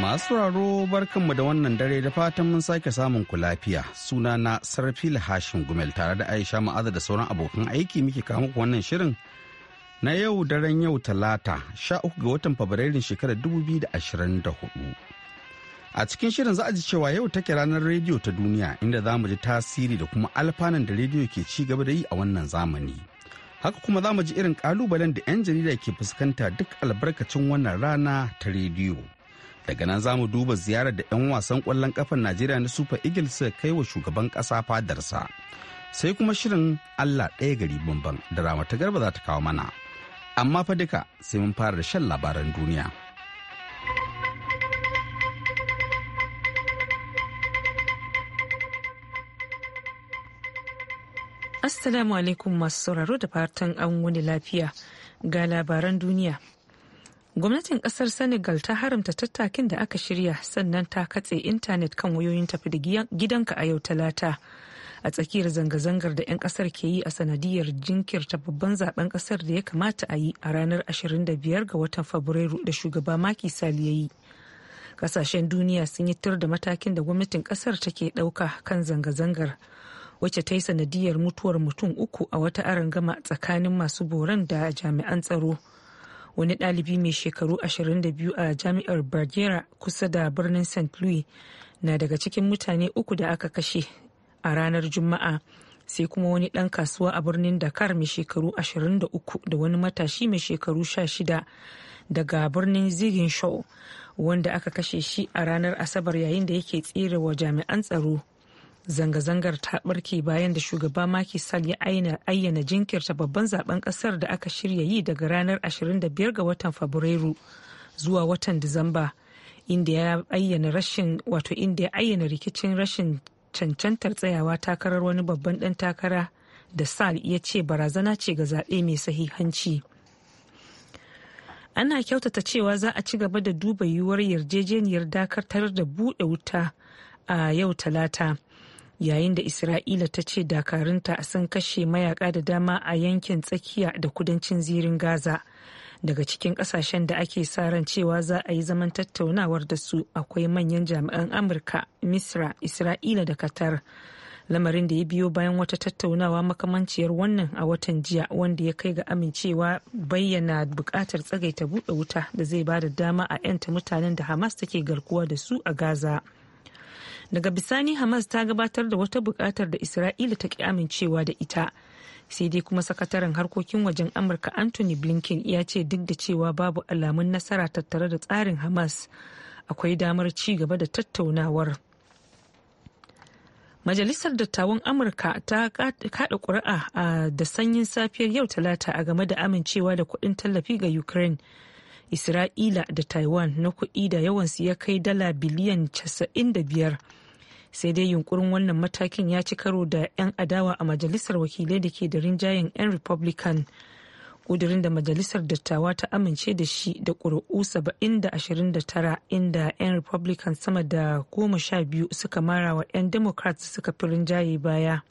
Masu raro barkanmu da wannan dare da fatan mun sake samun ku lafiya. Suna na Sarfil Hashin Gumel tare da Aisha Ma'aza da sauran abokan aiki muke kawo muku wannan shirin. Na yau daren yau talata, sha uku ga watan Fabrairun shekarar 2024. A cikin shirin za a ji cewa yau take ranar rediyo ta duniya inda za mu ji tasiri da kuma alfanan da rediyo ke ci gaba da yi a wannan zamani. Haka kuma za mu ji irin kalubalen da 'yan jarida ke fuskanta duk albarkacin wannan rana ta rediyo. daga nan za mu duba ziyarar da 'yan wasan kwallon kafan najeriya na super eagles suka kai wa shugaban ƙasa fadarsa sai kuma shirin allah ɗaya gari bamban da ramata garba za ta kawo mana amma fa duka sai mun fara da shan labaran duniya assalamu alaikum masu sauraro da fatan an wani lafiya ga labaran duniya gwamnatin kasar senegal ta haramta tattakin da aka shirya sannan ta katse intanet kan wayoyin tafi da gidanka a yau talata a tsakiyar zanga-zangar da 'yan kasar ke yi a sanadiyar jinkirta babban zaben kasar da ya kamata a yi a ranar 25 ga watan fabrairu da shugaba maki sali ya yi kasashen duniya sun yi tur da matakin da gwamnatin kasar take ɗauka kan zanga-zangar wacce ta yi sanadiyar mutuwar mutum uku a wata arangama tsakanin masu boran da jami'an tsaro wani ɗalibi mai shekaru 22 a jami'ar Bargera kusa da birnin St. Louis na daga cikin mutane uku da aka kashe a ranar Juma'a. sai kuma wani ɗan kasuwa a birnin Dakar mai shekaru 23 da wani matashi mai shekaru 16 daga birnin Ziguinchor wanda aka kashe shi a ranar Asabar yayin da yake tsere wa jami'an tsaro zanga-zangar ta barke bayan da shugaba Macky Sall ya ayyana jinkirta babban zaben kasar da aka shirya yi daga ranar 25 ga watan Fabrairu zuwa watan Disamba inda ya ayyana rashin wato inda ya ayyana rikicin rashin cancantar tsayawa takarar wani babban dan takara da Sall ya ce barazana ce ga zaɓe mai sahihanci. Ana kyautata cewa za a ci gaba da duba yiwuwar yarjejeniyar dakatar da buɗe wuta a yau talata. yayin da isra'ila ta ce dakarunta sun kashe mayaka da dama a yankin tsakiya da kudancin zirin gaza daga cikin kasashen da ake sa ran cewa za a yi zaman tattaunawar da su akwai manyan jami'an amurka misra isra'ila da qatar lamarin da ya biyo bayan wata tattaunawa makamanciyar wannan a watan jiya wanda ya kai ga amincewa bayyana bukatar tsagaita buɗe wuta da zai ba da dama a 'yanta mutanen da hamas take garkuwa da su a gaza. daga bisani hamas ta gabatar da wata bukatar da isra'ila ta ki amincewa da ita sai dai kuma sakataren harkokin wajen amurka anthony blinken ya ce duk da cewa babu alamun nasara tattare da tsarin hamas akwai damar ci gaba da tattaunawar majalisar dattawan amurka ta kada kuri'a da sanyin safiyar yau talata a game da amincewa da kuɗin tallafi ga ukraine isra'ila da taiwan na kuɗi da yawansu ya kai dala biliyan 95 sai dai yunkurin wannan matakin ya ci karo da 'yan adawa a majalisar wakilai da ke da rinjayen 'yan republican kudurin da majalisar dattawa ta amince da shi da ƙuri'u 70 inda 'yan republican sama da 12 suka mara wa 'yan democrats suka fi rinjaye baya.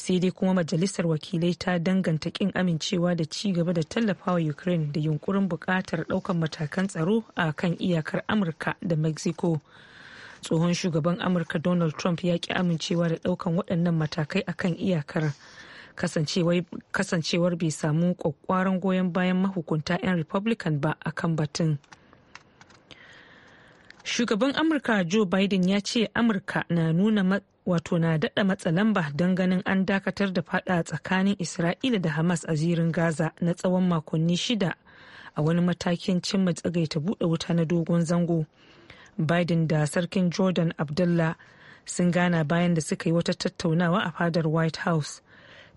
sai dai kuma majalisar wakilai ta danganta kin amincewa da ci gaba da tallafawa ukraine da yunkurin bukatar ɗaukar matakan tsaro a kan iyakar amurka da mexico tsohon shugaban amurka donald trump ya ki amincewa da ɗaukan waɗannan matakai a kan iyakar kasancewar bai samu kwakwaran goyon bayan mahukunta 'yan republican ba a kan batun shugaban amurka joe biden ya ce amurka na nuna wato na daɗa matsa lamba don ganin an dakatar da fada tsakanin isra'ila da hamas a zirin gaza na tsawon makonni shida a wani matakin cimma tsagaita buɗe wuta na dogon zango biden da sarkin jordan abdullah sun gana bayan da suka yi wata tattaunawa a fadar white house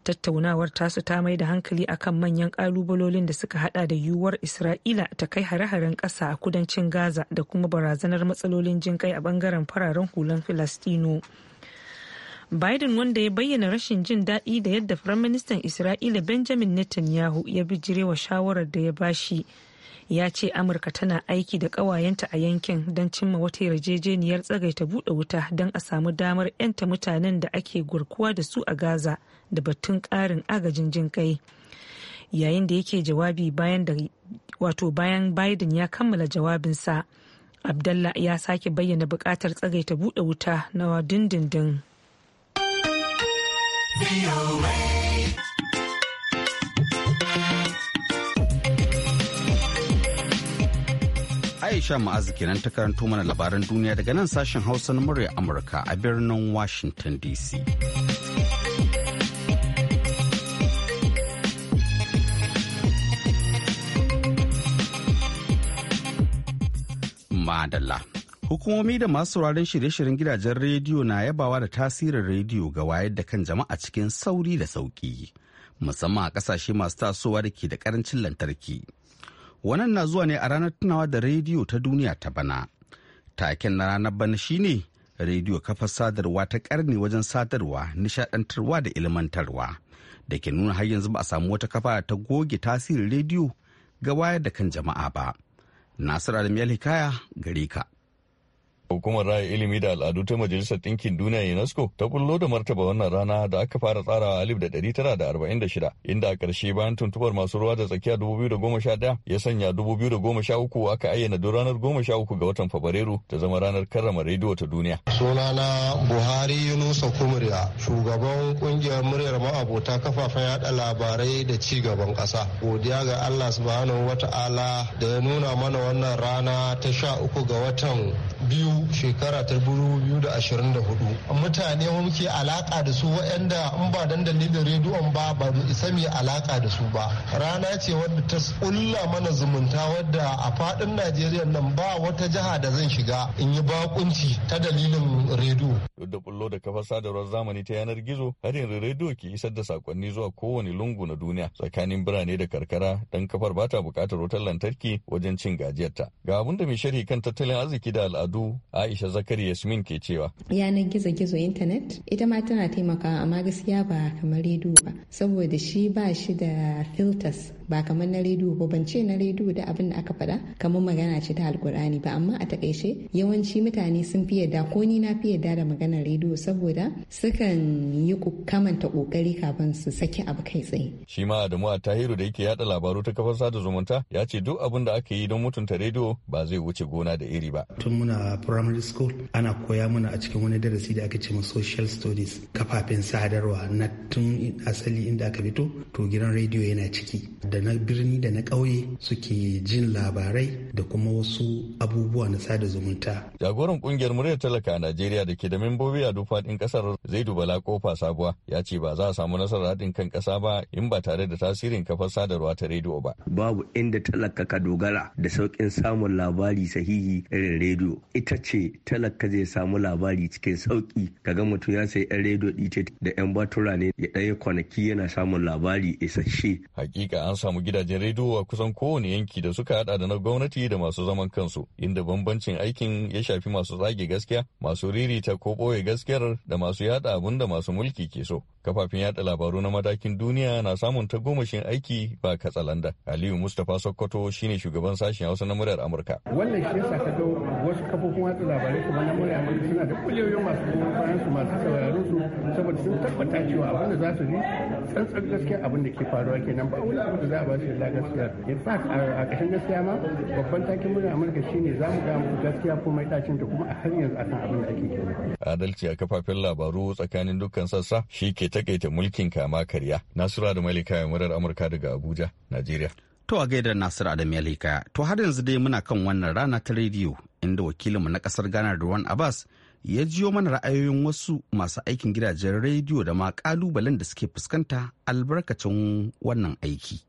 tattaunawar tasu ta mai da hankali akan manyan kalubalolin da suka hada da yiwuwar isra'ila ta kai hare-haren kasa a kudancin gaza da kuma barazanar matsalolin jinkai a bangaren fararen hulan filastino Biden wanda ya bayyana rashin jin daɗi da yadda Firaministan Isra'ila Benjamin Netanyahu ya bijirewa shawarar da ya bashi. Ya ce Amurka tana aiki da ƙawayenta a yankin don cimma wata yarjejeniyar tsagaita buɗe wuta don a samu damar 'yanta mutanen da ake gurkuwa da su a Gaza da batun ƙarin agajin jin kai. Yayin da yake jawabi bayan da wato bayan Biden ya kammala jawabinsa, Abdallah ya sake bayyana buƙatar tsagaita buɗe wuta na dindindin. Aisha Ma'azu kenan ta karanto mana labaran duniya daga nan sashen Hausa na murya Amurka a birnin Washington DC. Madalla. Hukumomi da masu sauraron shirye-shiryen gidajen rediyo na yabawa da tasirin rediyo ga wayar da kan jama'a cikin sauri da sauki musamman a ƙasashe masu tasowa da ke da karancin lantarki. Wannan na zuwa ne a ranar tunawa da rediyo ta duniya ta bana. Taken na ranar bana shine rediyo kafar sadarwa ta karni wajen sadarwa, nishaɗantarwa da ilmantarwa. Da ke nuna har yanzu ba a samu wata kafa ta goge tasirin rediyo ga wayar da kan jama'a ba. Nasiru Adam Hikaya gare ka. Hukumar Raya Ilimi da Al'adu ta Majalisar Ɗinkin Duniya UNESCO ta bullo da martaba wannan rana da aka fara tsarawa alif da ɗari tara da arba'in da shida, inda a ƙarshe bayan tuntubar masu ruwa da tsakiya dubu biyu da goma sha ɗaya ya sanya dubu biyu da goma sha uku aka ayyana don ranar goma sha uku ga watan Fabrairu ta zama ranar karrama rediyo ta duniya. Sunana Buhari yunus Kumriya, shugaban kungiyar muryar ma'abota kafafen yaɗa labarai da ci gaban ƙasa. Godiya ga Allah subhanahu wata'ala da ya nuna mana wannan rana ta sha uku ga watan biyu shekara ta dubu biyu da ashirin da hudu mutane muke alaka da su waɗanda in ba dan dalilin rediyon ba ba mu isa mai alaka da su ba rana ce wadda ta kulla mana zumunta wadda a fadin najeriya nan ba wata jiha da zan shiga in yi bakunci ta dalilin rediyo duk da bullo da kafar sadarwar zamani ta yanar gizo har yanzu rediyo ke isar da sakonni zuwa kowane lungu na duniya tsakanin birane da karkara don kafar bata bukatar wutar lantarki wajen cin gajiyarta ga abin da mai sharhi kan tattalin arziki da al'adu aisha zakari yasmin ke cewa yanar gizo gizo intanet ita ma tana taimakawa amma gaskiya ba kamar rediyo ba saboda shi ba shi da filters ba kamar na rediyo ba ban ce na rediyo da abin da aka faɗa kamar magana ce ta alkur'ani ba amma a takaice yawanci mutane sun fi yadda ko ni na fi yadda da magana rediyo saboda sukan yi kamanta kokari kafin su saki abu kai tsaye shi ma Adamu a Tahiru da yake yada labaru ta kafar sada zumunta ya ce duk abin da aka yi don mutunta rediyo ba zai wuce gona da iri ba tun muna primary school ana koya mana a cikin wani darasi da aka ce ma social studies kafafen sadarwa na tun asali inda aka fito to gidan rediyo yana ciki da na birni da na ƙauye suke jin labarai da kuma wasu abubuwa na sada zumunta. Jagoran kungiyar muryar talaka a Najeriya da ke da membobi a duk faɗin ƙasar zai dubala kofa sabuwa ya ce ba za a samu nasarar haɗin kan ƙasa ba in ba tare da tasirin kafar sadarwa ta rediyo ba. Babu inda talaka ka dogara da sauƙin samun labari sahihi irin rediyo. Ita ce talaka zai samu labari cikin sauƙi kaga mutum ya sayi 'yan rediyo ɗice da 'yan batura ne ya ɗaya kwanaki yana samun labari isasshe. Hakika an samu gidajen rediyo a kusan kowane yanki da suka hada da na gwamnati da masu zaman kansu, inda bambancin aikin ya shafi masu tsage gaskiya, masu ririta ko boye gaskiyar da masu yada abun da masu mulki ke so. Kafafen yada labaru na matakin duniya na samun tagomashin aiki ba katsalanda. Aliyu Mustapha Sokoto shine shugaban sashen Hausa na muryar Amurka. Wannan shi yasa ka ga wasu kafofin yada labarai kuma na muryar Amurka suna da kuliyoyin masu bayan su masu sauraro su saboda sun tabbata cewa abin da za su yi tsantsan gaskiya abin da ke faruwa kenan ba wani abu da za a ba su da gaskiya in fact a ƙashin gaskiya ma babban takin amurka shine za mu ga gaskiya ko mai ta kuma a har yanzu akan abin da ake kenan. adalci a kafafen labaru tsakanin dukkan sassa shi ke takaita mulkin kama karya nasura da malika ya murar amurka daga abuja najeriya. To a gaidar Nasiru da malika to har yanzu dai muna kan wannan rana ta rediyo inda wakilinmu na kasar Ghana Ruwan Abbas ya jiyo mana ra'ayoyin wasu masu aikin gidajen rediyo da ma kalubalen da suke fuskanta albarkacin wannan aiki.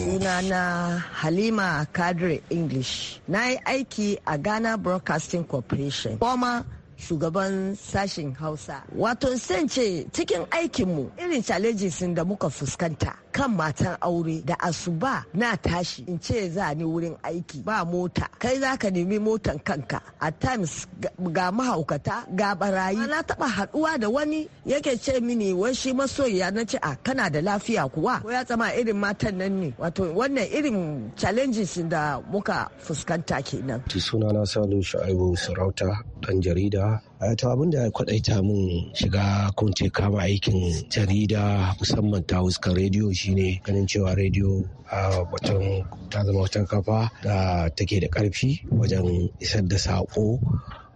Suna na Halima Kadri English. Na yi aiki a Ghana Broadcasting Corporation. Former shugaban sashen hausa wato sance ce cikin aikinmu irin challenges da muka fuskanta kan matan aure da asuba na tashi in ce za ni wurin aiki ba mota kai za ka nemi motan kanka a times ga mahaukata ga barayi na taba haduwa da wani yake ce mini wai shi masoyiya na ce a kana da lafiya kuwa ko ya tsama irin matan nan ne wato wannan irin challenges da muka fuskanta kenan sunana salu shu'aibu sarauta dan jarida arewa ah, to abin da kwadaita mun shiga ce kama aikin jarida musamman ta huskar rediyo shine ganin cewa rediyo a wata ta zama wata kafa da take da karfi wajen isar da saƙo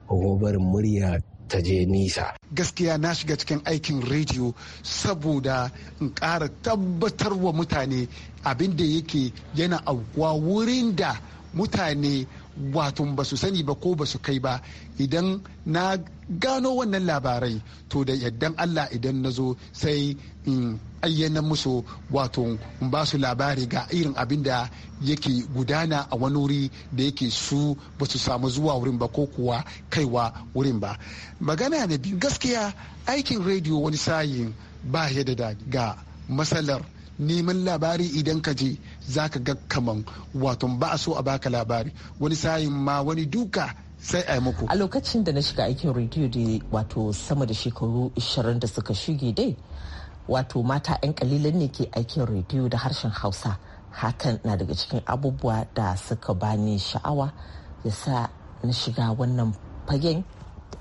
ko murya ta je nisa. Gaskiya na shiga cikin aikin rediyo saboda in ƙara tabbatar wa mutane abin da yake yana aukuwa wurin da mutane wato ba su sani ba ko ba su kai ba idan na gano wannan labarai to da yaddan allah idan na zo sai in ayyana musu wato in ba su labari ga irin abin da yake gudana a wani wuri da yake su ba su samu zuwa wurin ba ko kuwa kaiwa wurin ba magana da biyu gaskiya aikin rediyo wani sayin ba ya da ga matsalar neman labari idan ka je za ka ga kaman wato ba a so a baka labari wani sayin ma wani duka sai a yi muku a lokacin da na shiga aikin rediyo da wato sama da shekaru 20 da suka shige dai wato mata 'yan kalilan ne ke aikin rediyo da harshen hausa hakan na daga cikin abubuwa da suka bani sha'awa ya sa na shiga wannan fagen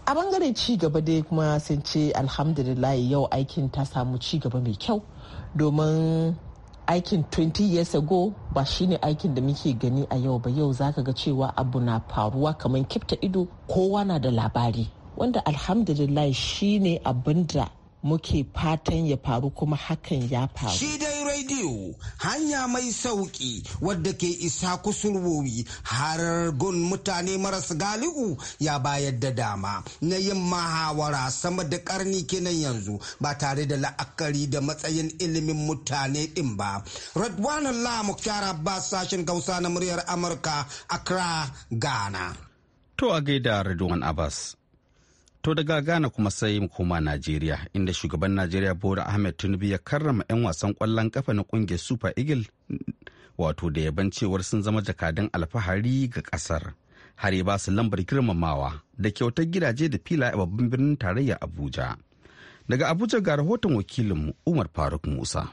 a bangaren ci gaba dai kuma sun ce alhamdulillah yau aikin ta samu ci gaba mai kyau domin aikin 20 years ago ba shine aikin da muke gani a yau ba yau zaka ga cewa abu na faruwa kamar kifta ido kowa na da labari wanda alhamdulillah shine abin da muke fatan ya faru kuma hakan ya faru bidiyo hanya mai sauƙi wadda ke isa kusurwowi har gun mutane maras galihu ya bayar da dama na yin mahawara sama da ƙarni kenan yanzu ba tare da la'akari da matsayin ilimin mutane din ba. Radwanan La Muktar Abbas sashen Gausa na muryar Amurka, Accra, Ghana. To a gaida Radwan Abbas. To daga Ghana kuma sai mu koma Najeriya inda shugaban Najeriya bora Ahmed Tinubu ya karrama 'yan wasan ƙwallon kafa na kungiyar Super Eagle wato da yaban cewar sun zama jakadun alfahari ga kasar. Har ya ba su lambar girmamawa da kyautar gidaje da fila a babban birnin tarayya Abuja. Daga Abuja ga rahoton wakilinmu Umar Faruk Musa.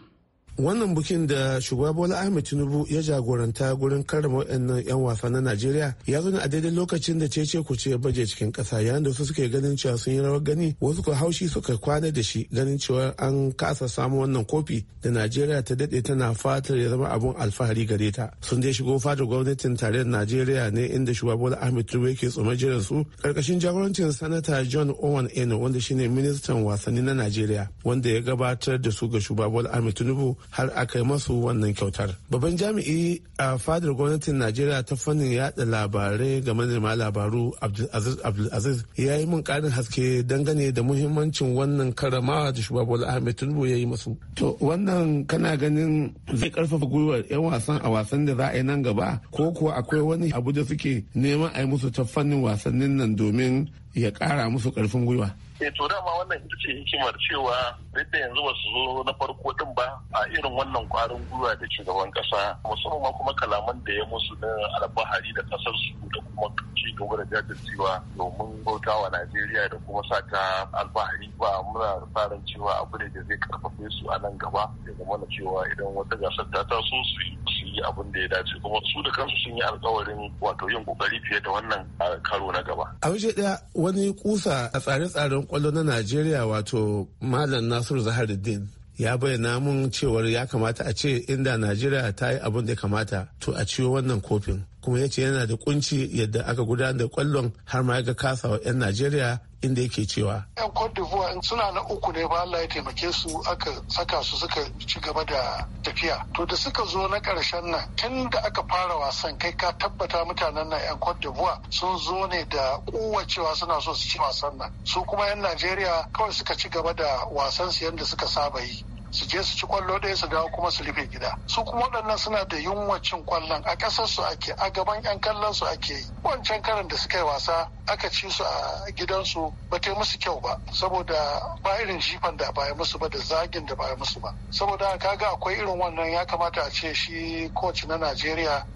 wannan bukin da shugaba bola ahmed tinubu ya jagoranta gurin karrama waɗannan 'yan wasa na najeriya ya zo a daidai lokacin da cece ku ce baje cikin kasa. yayin da su suke ganin cewa sun yi rawar gani wasu ko haushi suka kwana da shi ganin cewa an kasa samu wannan kofi da najeriya ta daɗe tana fatar ya zama abun alfahari gare ta sun dai shigo fadar gwamnatin tarayyar najeriya ne inda shugaba bola ahmed tinubu yake tsoma jiran su ƙarƙashin jagorancin sanata john owen eno wanda shine ministan wasanni na najeriya wanda ya gabatar da su ga shugaba bola ahmed tinubu har aka yi masu wannan kyautar. Babban jami'i a fadar gwamnatin Najeriya ta fannin yada labarai ga manema labaru labaru Abdulaziz ya yi min karin haske dangane da muhimmancin wannan karamawa da shugaba Ahmed Tinubu ya yi masu. To wannan kana ganin zai karfafa gwiwar 'yan wasan a wasan da za a yi nan gaba ko kuwa akwai wani abu da suke neman a yi musu ta fannin wasannin nan domin ya kara musu karfin gwiwa. eh to dama wannan ita ce hikimar cewa duk da yanzu wasu zo na farko din ba a irin wannan kwarin gwiwa da shugaban kasa musamman kuma kalaman da ya musu na alfahari da kasar su da kuma ci gaba da jajircewa domin wa Najeriya da kuma sa ta alfahari ba muna tsarin cewa abu ne da zai karfafe su a nan gaba ya zama cewa idan wata gasar ta taso su yi abin da ya dace kuma su da kansu sun yi alkawarin wato yin kokari fiye da wannan karo na gaba. A waje ɗaya wani kusa a tsare-tsaren kwallo na Najeriya wato Malam Nasiru Zaharuddin ya bayyana mun cewar ya kamata a ce inda Najeriya ta yi abin da ya kamata to a ciwo wannan kofin. kuma ya ce yana da kunci yadda aka gudanar da kwallon har ma ga kasa wa 'yan najeriya inda yake cewa. Yan Cote d'Ivoire suna na uku ne ba Allah ya taimake su aka saka su suka ci gaba da tafiya. To da suka zo na ƙarshen nan tun da aka fara wasan kai ka tabbata mutanen na yan Cote d'Ivoire sun zo ne da kowacewa suna so su ci wasan nan. Su kuma yan Najeriya kawai suka ci gaba da wasan su yadda suka saba yi. su je su ci kwallo ɗaya su dawo kuma su rufe gida su kuma waɗannan suna da yunwa cin kwallon a ƙasar su ake a gaban 'yan kallon su ake yi wancan karin da suka yi wasa aka ci su a gidansu ba ta musu kyau ba saboda ba irin jifan da baya musu ba da zagin da baya musu ba saboda kaga akwai irin wannan ya kamata a ce shi koci na najeriya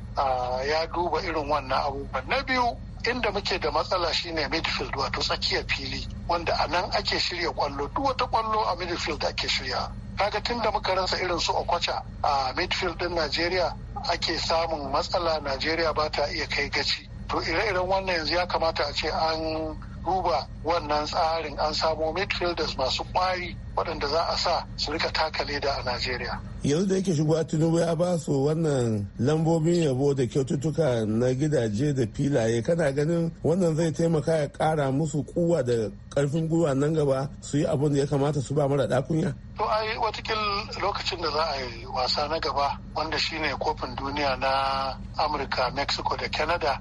ya duba irin wannan abubuwan na biyu inda muke da matsala shine midfield wato tsakiyar fili wanda a nan ake shirya kwallo duk wata kwallo a midfield ake shirya kaga tun da muka rasa irin su okwacha a midfield din najeriya ake samun matsala najeriya ba ta iya kai gaci to ire-iren wannan yanzu ya kamata a ce an duba wannan tsarin an samo midfielders masu kwari waɗanda za a sa su rika taka leda a najeriya yanzu da yake shugaba tinubu ya ba su wannan lambobin yabo da kyaututtuka na gidaje da filaye kana ganin wannan zai taimaka ya kara musu kuwa da karfin gwiwa nan gaba su yi abin da ya kamata su ba mara dakunya to ai watakil lokacin da za a yi wasa na gaba wanda shine kofin duniya na amurka mexico da canada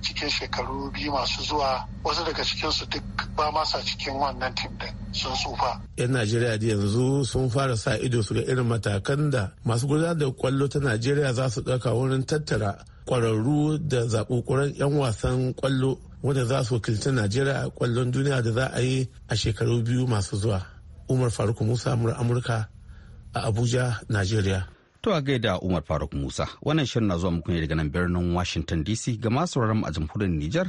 cikin shekaru biyu masu zuwa wasu daga cikinsu duk ba masa cikin wannan tim din sun tsufa. 'Yan Najeriya da yanzu sun fara sa ido su ga irin matakan da masu gudanar da kwallo ta Najeriya za su ɗauka wurin tattara kwararru da zaɓuɓɓuran 'yan wasan kwallo wanda za su wakilci Najeriya a kwallon duniya da za a yi a shekaru biyu masu zuwa. Umar Faruk Musa mura Amurka a Abuja, Najeriya. To a gaida Umar Faruk Musa, wannan shirin na zuwa muku ne daga nan birnin Washington DC ga masu mu a jamhuriyar Nijar.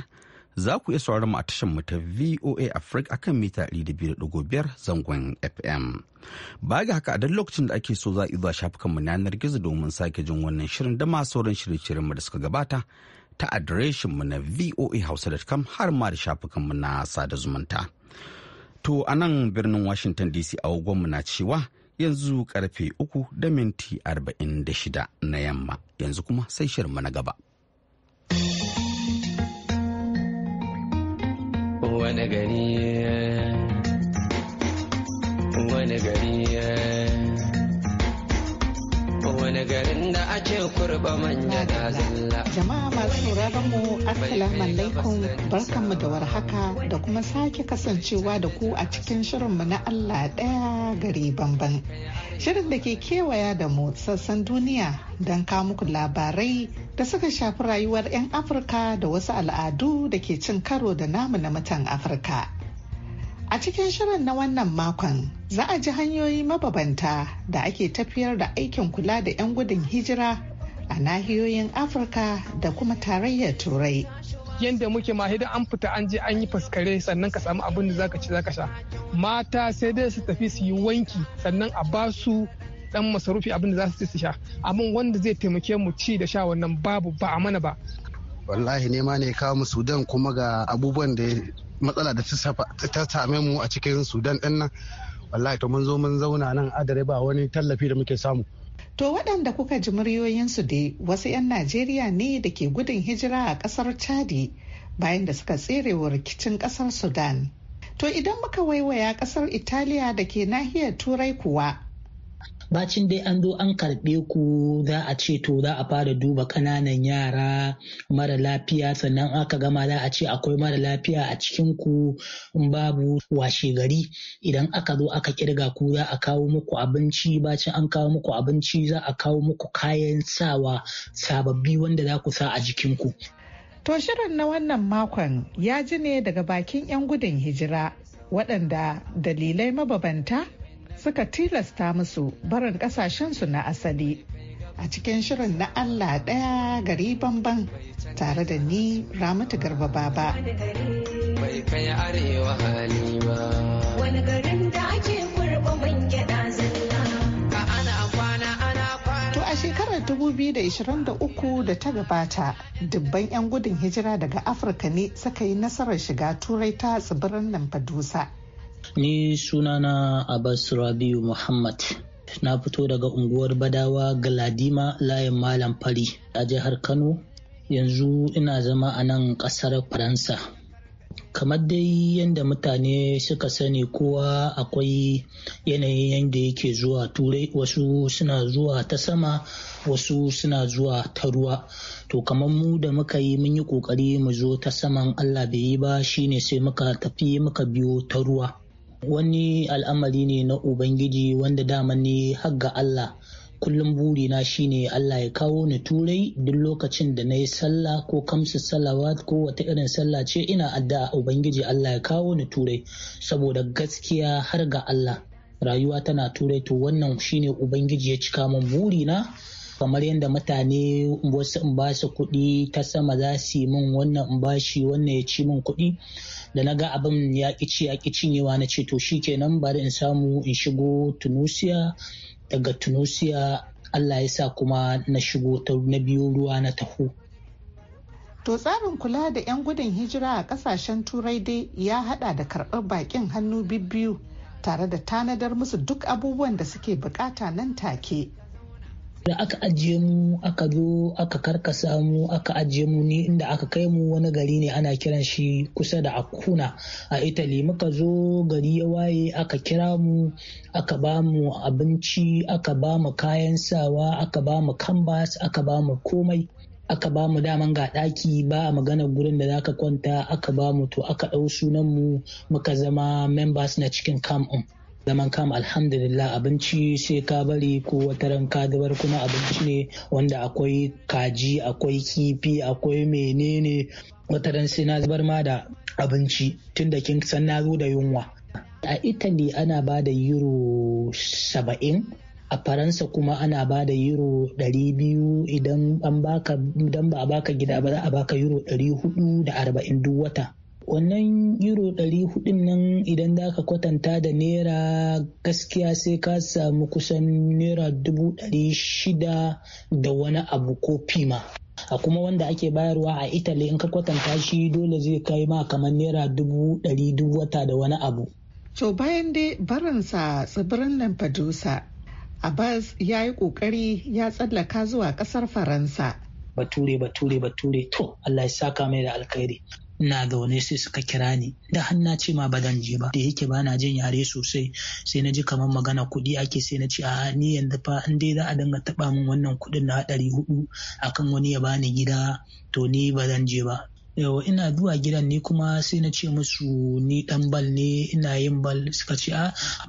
za ku iya sauraron mu a tashar mu ta VOA Africa akan mita 200.5 zangon FM. Ba ga haka a duk lokacin da ake so za a zuwa shafukan mu yanar gizo domin sake jin wannan shirin da masu sauran shirye-shiryen mu da suka gabata ta adireshin mu na voahausa.com har ma da shafukan mu na sada zumunta. To a nan birnin Washington DC a mu na cewa yanzu karfe uku da minti 46 na yamma yanzu kuma sai shirin mu na gaba. wani gari wani gari wani garin da ake kurba manya da zalla. Jama'a masu sauraron mu assalamu alaikum barkanmu da warhaka da kuma sake kasancewa da ku a cikin shirin mu na Allah ɗaya gari banban Shirin da ke kewaya da mu sassan duniya don ka muku labarai da suka shafi rayuwar 'yan Afirka da wasu al'adu da ke cin karo da namu na mutan Afirka. A cikin shirin na wannan makon za a ji hanyoyi mababanta da ake tafiyar da aikin kula da 'yan gudun hijira a nahiyoyin Afirka da kuma tarayyar Turai. yadda muke ma idan an fita an je an yi faskare sannan ka samu abin da zaka ci zaka sha. Mata sai dai su tafi su yi wanki sannan a ba su dan masarufi abin da za su ci su sha. Amma wanda zai taimake mu ci da sha wannan babu ba a mana ba. Wallahi nema ne kawo mu Sudan kuma ga abubuwan da matsala da ta same mu a cikin sudan din nan wallahi to mun zo mun zauna nan adare ba wani tallafi da muke samu To waɗanda kuka ji muryoyinsu dai wasu 'yan Najeriya ne da ke gudun hijira a ƙasar Chadi bayan da suka tserewa rikicin ƙasar Sudan. To idan muka waiwaya ƙasar Italiya da ke nahiyar Turai kuwa bacin dai an zo an karɓe ku za a ce to za a fara duba ƙananan yara mara lafiya sannan aka gama za a ce akwai mara lafiya a cikin ku babu washe gari idan aka zo aka kirga ku za a kawo muku abinci bacin an kawo muku abinci za a kawo muku kayan sawa sababbi wanda za ku sa a jikin ku. To shirin na wannan makon ya ji ne daga bakin 'yan gudun hijira waɗanda dalilai mababanta suka tilasta musu barin kasashensu na asali. A cikin shirin na Allah ɗaya gari bamban tare da ni Ramatu Garba Baba. da ake a shekarar 2023 da ta gabata, dubban 'yan gudun hijira daga Afirka ne suka yi nasarar shiga turai ta tsibirin Lampedusa. Ni sunana Abbas Rabiu Muhammad. Na fito daga unguwar Badawa Galadima layin Malam Fari a jihar Kano. Yanzu ina zama a nan ƙasar Faransa. Kamar dai yadda mutane suka sani kowa akwai yanayin yadda yake zuwa turai wasu suna zuwa ta sama wasu suna zuwa ta ruwa. to kamar mu da muka yi mun yi kokari mu zo ta saman Allah bai yi ba shine sai muka tafi muka biyo ta ruwa wani al'amari ne na ubangiji wanda dama ne hagga Allah kullum buri burina shine Allah ya kawo ni turai duk lokacin da na yi sallah ko kamsu salawat ko wata irin sallah ce ina addu'a ubangiji Allah ya kawo ni turai saboda gaskiya har ga Allah rayuwa tana turai to wannan shine ubangiji ya cika min na kamar yadda mutane wasu in ba su kuɗi ta sama za su yi min wannan in bashi wannan ya ci min kuɗi da na ga abin ya ƙici ya cinyewa na ce to kenan bari in samu in shigo tunusiya daga tunusiya allah ya sa kuma na shigo ta na biyu ruwa na taho To tsarin kula da 'yan gudun hijira a kasashen turai dai ya hada da karɓar bakin hannu bibbiyu tare da tanadar musu duk abubuwan da suke bukata nan take da aka ajiye mu aka zo aka karkasa mu aka ajiye mu ni inda aka kai mu wani gari ne ana kiran shi kusa da akuna a italy muka zo gari ya waye aka kira mu aka ba mu abinci aka ba mu kayan sawa aka ba mu kambas aka ba mu komai aka ba mu daman ga ɗaki ba a magana gurin da zaka kwanta aka ba mu to aka ɗau sunan mu muka zama members na cikin camp zaman kama alhamdulillah abinci sai ka bari ko wata ran ka kuma abinci ne wanda akwai kaji akwai kifi akwai menene wata ran sai na zubar ma da abinci tunda kin san na zo da yunwa a italy ana ba da euro saba'in a faransa kuma ana ba da euro 200 idan idan ba a baka gida ba za a baka euro 440 duk wata wannan euro 400 nan idan za ka kwatanta da naira gaskiya sai ka samu kusan naira 600 da wani abu ko fima a kuma wanda ake bayarwa a italy in ka kwatanta shi dole zai kai ma kamar naira dubu ɗari wata da wani abu to bayan dai barinsa tsibirin lampedusa abbas ya yi kokari ya tsallaka zuwa kasar faransa bature bature bature to allah ya saka mai da alkhairi ina zaune sai suka kira ni da hanna ce ma ba zan je ba da yake ba na jin yare sosai sai na ji kamar magana kuɗi ake sai na ce a ni yanzu fa in dai za a dinga taɓa min wannan kuɗin na ɗari hudu akan wani ya bani gida to ni ba zan je ba yawa ina zuwa gidan ne kuma sai na ce musu ni dan bal ne ina yin bal suka ce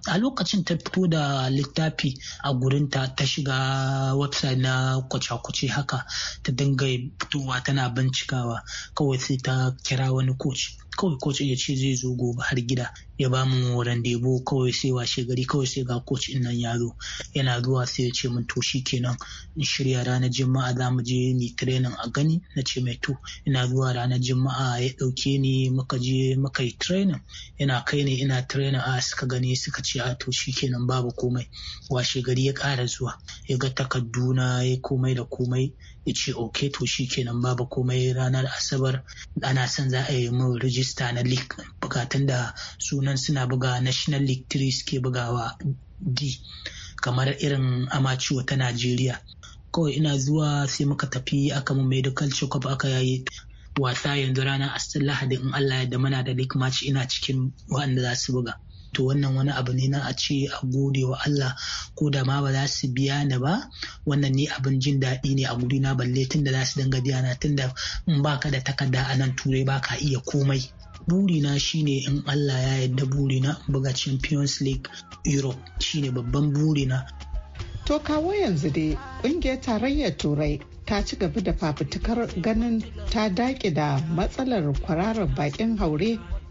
a lokacin ta fito da littafi a gurinta ta shiga website na kwace-kwace haka ta dinga fitowa tana bincikawa kawai sai ta kira wani coach kawai coach ya ce zai zo gobe har gida ya ba mu rendezvous kawai sai washe gari kawai sai ga coach din nan ya zo yana zuwa sai ya ce min to shi kenan in shirya ranar juma'a za mu je ni training a gani na ce mai to ina zuwa ranar juma'a ya dauke ni muka je muka yi training yana kai ne ina training a suka gani suka ce a to shi kenan babu komai washe gari ya kara zuwa ya ga takarduna ya komai da komai ya ce ok to shi kenan babu komai ranar asabar ana son za a yi min rijista na league bukatun da sunan suna buga national league 3 suke bugawa d kamar irin amaciwa ta najeriya kawai ina zuwa sai muka tafi aka mu medical check aka yayi wasa yanzu ranar lahadi in allah ya da mana da league match ina cikin waɗanda za su buga to wannan wani abu ne na a ce a gode wa Allah ko da ma ba za su biya ni ba wannan ne abin jin daɗi ne a na, balle tun da za su dinga biya na tun da in baka da takarda a nan turai baka iya komai burina shine in Allah ya yarda burina buga Champions League Europe shine babban burina To kawo yanzu dai ƙungiyar tarayyar turai ta ci gaba da fafutukar ganin ta daƙi da matsalar kwararar bakin haure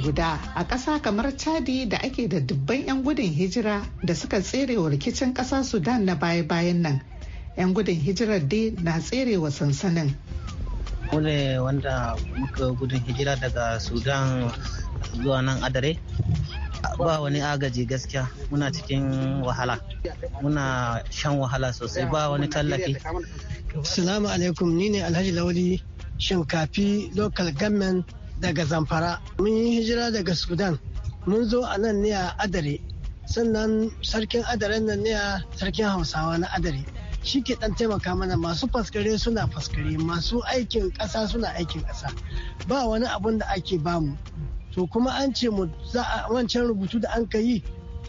guda a ƙasa kamar Chadi da ake da dubban 'yan gudun hijira da suka tserewa rikicin ƙasa Sudan na baya-bayan nan. 'Yan gudun hijirar dai na tserewa sansanin. Mu wanda muka gudun hijira daga Sudan zuwa nan Adare. ba wani agaji gaskiya muna cikin wahala muna shan wahala sosai ba wani tallafi salamu alaikum ni ne alhaji lawali shinkafi local government daga zamfara mun yi hijira daga sudan mun zo a nan ne a adare sannan sarkin adaren nan ne a sarkin hausawa na adare shi ke dan taimaka mana masu faskare suna faskare masu aikin ƙasa suna aikin ƙasa ba wani abun da ake bamu to kuma an ce mu za a wancan rubutu da an ka yi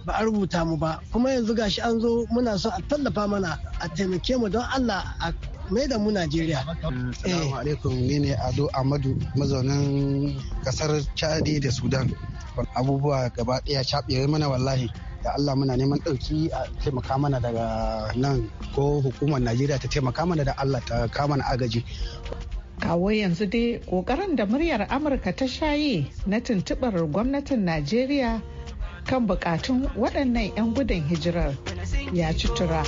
ba a rubuta mu ba kuma yanzu gashi an zo muna so a tallafa mana a taimake mu don Allah a mai da mu Najeriya. Assalamu mm, eh. alaikum ni ne Ado Amadu mazaunin kasar Chadi da Sudan. Abubuwa gaba ɗaya caɓe mana wallahi. da Allah muna neman ɗauki a taimaka mana daga nan ko hukumar Najeriya ta taimaka mana da Allah ta kama na agaji. Kawo yanzu dai ƙoƙarin da muryar Amurka ta shayi na tuntuɓar gwamnatin Najeriya kan buƙatun waɗannan 'yan gudun hijirar ya ci tura.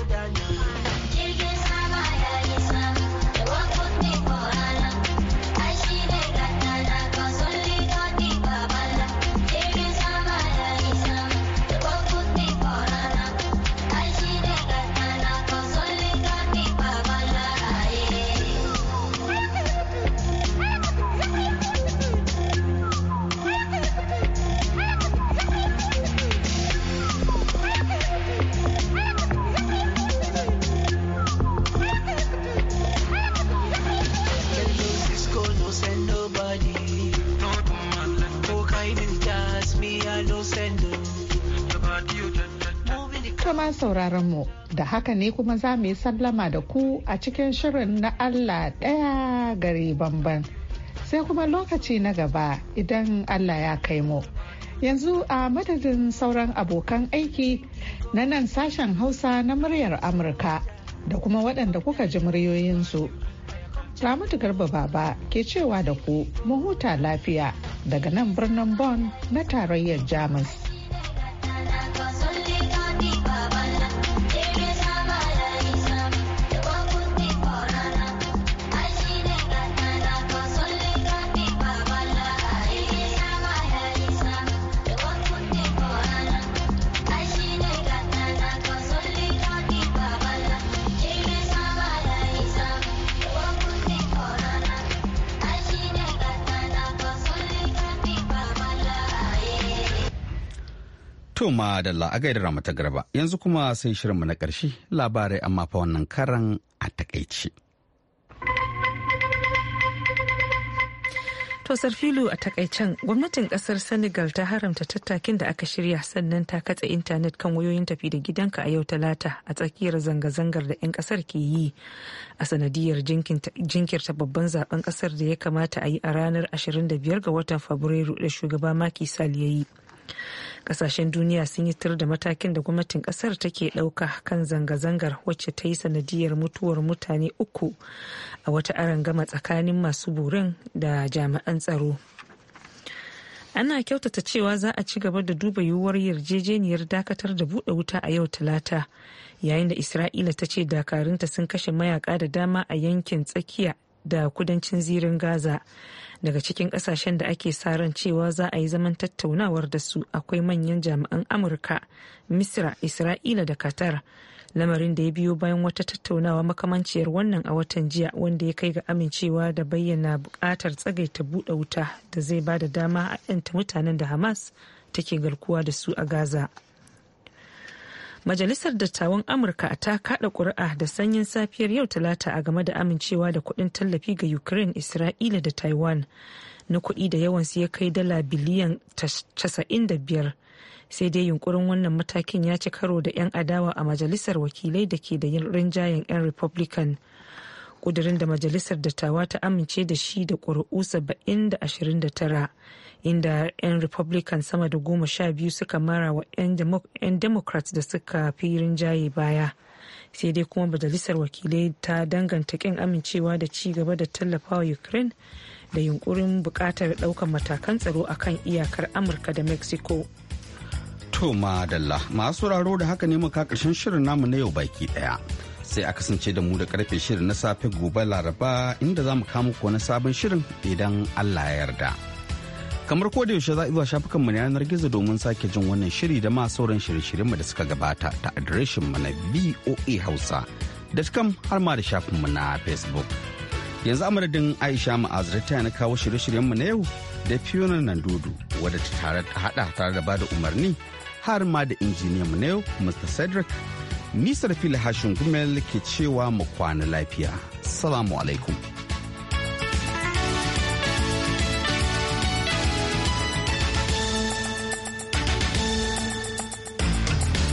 kama sauraron mu da haka ne kuma za mu yi sallama da ku a cikin shirin na Allah ɗaya gari bamban. Sai kuma lokaci na gaba idan Allah ya kai mu. Yanzu a madadin sauran abokan aiki na nan sashen Hausa na muryar Amurka da kuma waɗanda kuka ji muryoyinsu. Ramatu Garba Baba ke cewa da ku mu huta lafiya daga nan birnin Bonn na tarayyar Jamus. To ma da la'agai da ramata garba yanzu kuma sai shirinmu na ƙarshe labarai amma fa wannan karan a takaici. To sarfilu a takaicen gwamnatin kasar Senegal ta haramta tattakin da aka shirya sannan ta katse intanet kan wayoyin tafi da gidanka a yau talata a tsakiyar zanga-zangar da 'yan kasar ke yi a sanadiyar jinkirta babban zaben kasar da ya kamata a yi a ranar 25 ga watan Fabrairu da shugaba Macky Sall ya yi. kasashen duniya sun yi tir da matakin da gwamnatin kasar take dauka kan zanga-zangar wacce ta yi sanadiyar mutuwar mutane uku a wata arangama tsakanin masu burin da jami'an tsaro ana kyautata cewa za a ci gaba da duba yiwuwar yarjejeniyar dakatar da buɗe wuta a yau talata yayin da isra'ila ta ce dakarunta sun kashe mayaka da dama a yankin tsakiya da kudancin zirin gaza daga cikin kasashen da ake sa ran cewa za a yi zaman tattaunawar da su akwai manyan jami'an amurka misra isra'ila da qatar lamarin da ya biyo bayan wata tattaunawa makamanciyar wannan a watan jiya wanda ya kai ga amincewa da bayyana bukatar tsagaita buɗe wuta da zai ba da dama a 'yanta mutanen da hamas take garkuwa da su a gaza Majalisar Dattawan Amurka ta kada ƙuri'a da sanyin safiyar yau Talata a game da amincewa da kuɗin tallafi ga Ukraine, Isra'ila da Taiwan na kuɗi da yawansu ya kai dala biliyan 95. Sai dai yunkurin wannan matakin ya ci karo da 'yan adawa a majalisar wakilai da ke da rinjayen 'yan Republican. kudirin da majalisar dattawa ta amince da shi da ƙuri'u 70 da inda 'yan republican sama da goma sha biyu suka mara wa 'yan democrats da suka fi rinjaye baya sai dai kuma majalisar wakilai ta danganta kin amincewa da ci gaba da tallafawa ukraine da yunkurin bukatar daukan matakan tsaro akan iyakar amurka da mexico to madalla masu raro da haka ne muka karshen shirin namu na yau baki daya sai a kasance da mu da karfe shirin na safe gobe laraba inda za mu kama na sabon shirin idan allah ya yarda. kamar ko da yaushe za zuwa shafukanmu na yanar gizo domin sake jin wannan shiri da ma sauran shirye mu da suka gabata ta adireshin mu na voa hausa da kam har ma da shafinmu na facebook yanzu amadadin aisha ma'azira ta yana kawo shirye-shiryenmu na yau da fiona Dudu wadda ta tare hada tare da bada umarni har ma da injiniyan mu na yau mr cedric nisar fili hashin gumel ke cewa mu kwana lafiya salamu alaikum